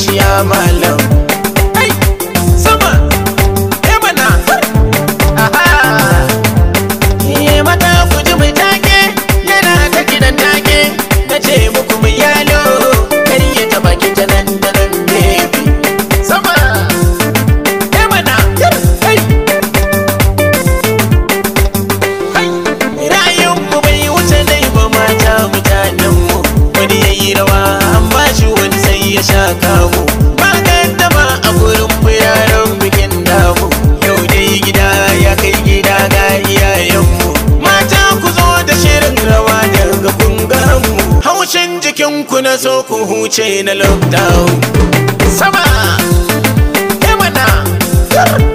ya mal cikin ku na so ku huce na lockdown sama mana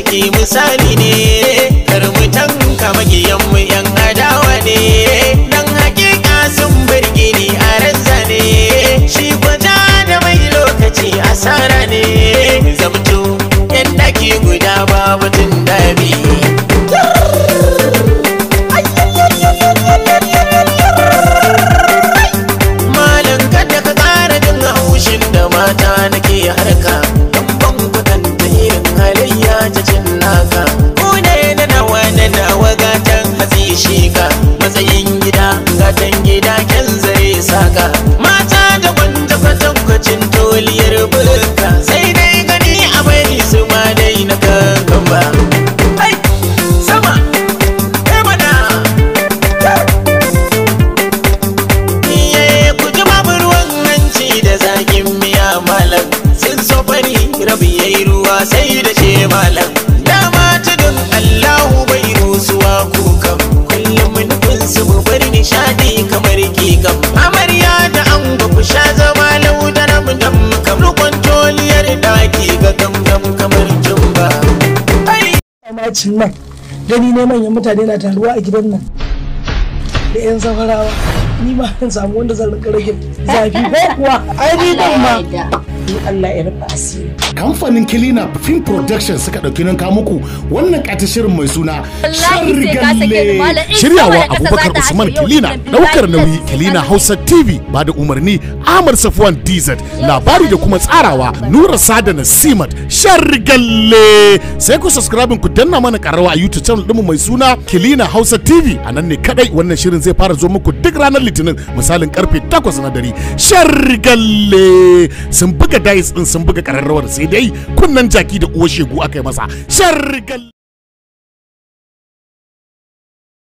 arziki misali ne nishadi kamar kikam amarya da ango ku sha zama lauda na mudam kam rukun toliyar daki ga gamgam kamar jumba mamacin nan gani ne manyan mutane na taruwa a gidan nan da yan safarawa ni ma zan samu wanda zan rinka rage zafi ko kuwa ai ni ban ma Allah ya rufa asiri kamfanin kilina film production suka ɗauki nan muku wannan ƙata shirin mai suna shargalle eh, shiryawa abubakar usman kilina ɗaukar nauyi kilina hausa tv ba da umarni ahmad safuwan dz labari da kuma tsarawa nura sada nasimat sharigalle sai ku subscribe ku danna mana karawa a youtube channel ɗinmu mai suna kilina hausa tv a nan ne kaɗai wannan shirin zai fara zo muku duk ranar litinin misalin karfe 8 na dare sharigalle sun buga dais ɗin sun buga ƙararrawar sai dai kunnan jaki da uwar shegu aka yi masa shargal